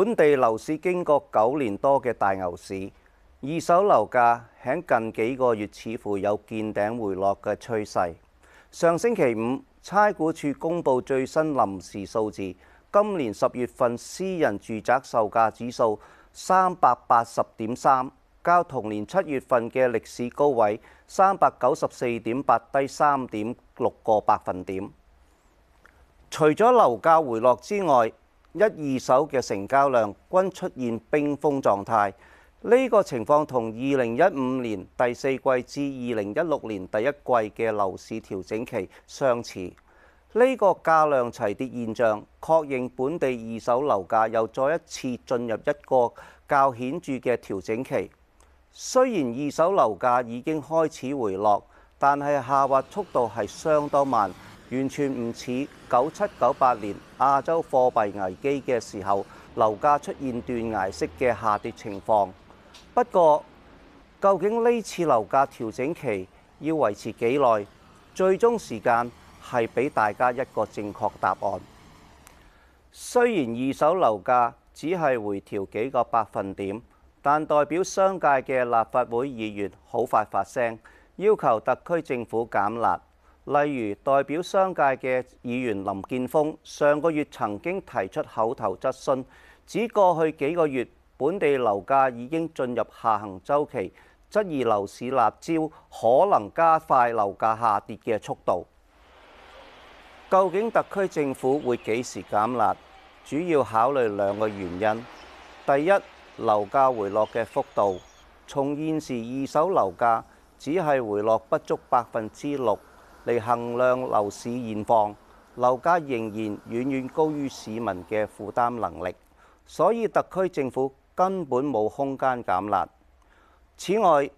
本地樓市經過九年多嘅大牛市，二手樓價喺近幾個月似乎有見頂回落嘅趨勢。上星期五，差估署公布最新臨時數字，今年十月份私人住宅售價指數三百八十點三，較同年七月份嘅歷史高位三百九十四點八低三點六個百分點。除咗樓價回落之外，一二手嘅成交量均出現冰封狀態，呢個情況同二零一五年第四季至二零一六年第一季嘅樓市調整期相似。呢個價量齊跌現象，確認本地二手樓價又再一次進入一個較顯著嘅調整期。雖然二手樓價已經開始回落，但係下滑速度係相當慢。完全唔似九七九八年亞洲貨幣危機嘅時候，樓價出現斷崖式嘅下跌情況。不過，究竟呢次樓價調整期要維持幾耐？最終時間係俾大家一個正確答案。雖然二手樓價只係回調幾個百分點，但代表商界嘅立法會議員好快發聲，要求特區政府減辣。例如代表商界嘅議員林健鋒上個月曾經提出口頭質詢，指過去幾個月本地樓價已經進入下行周期，質疑樓市辣招可能加快樓價下跌嘅速度。究竟特區政府會幾時減辣？主要考慮兩個原因：第一，樓價回落嘅幅度，從現時二手樓價只係回落不足百分之六。嚟衡量樓市現況，樓價仍然遠遠高於市民嘅負擔能力，所以特區政府根本冇空間減辣。此外，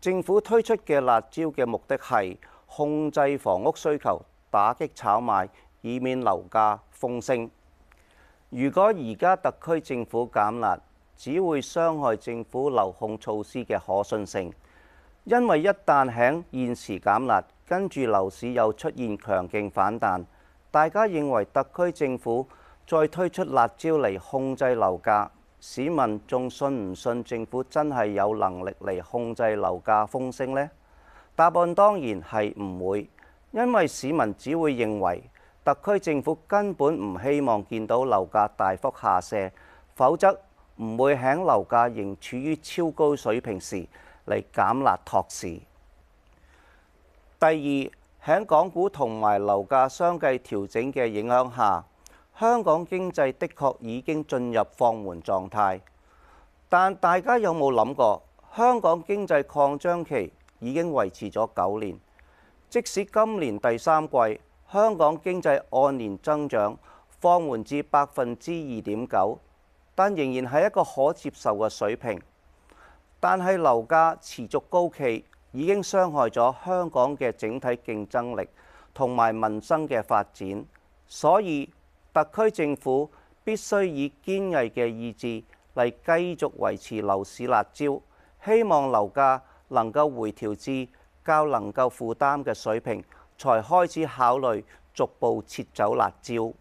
政府推出嘅辣招嘅目的係控制房屋需求、打擊炒賣，以免樓價瘋升。如果而家特區政府減辣，只會傷害政府樓控措施嘅可信性，因為一旦響現時減辣，跟住樓市又出現強勁反彈，大家認為特區政府再推出辣招嚟控制樓價，市民仲信唔信政府真係有能力嚟控制樓價風聲呢？答案當然係唔會，因為市民只會認為特區政府根本唔希望見到樓價大幅下瀉，否則唔會喺樓價仍處於超高水平時嚟減辣托市。第二，喺港股同埋樓價相繼調整嘅影響下，香港經濟的確已經進入放緩狀態。但大家有冇諗過，香港經濟擴張期已經維持咗九年，即使今年第三季香港經濟按年增長放緩至百分之二點九，但仍然係一個可接受嘅水平。但係樓價持續高企，已經傷害咗香港嘅整體競爭力同埋民生嘅發展，所以特區政府必須以堅毅嘅意志嚟繼續維持樓市辣招，希望樓價能夠回調至較能夠負擔嘅水平，才開始考慮逐步撤走辣招。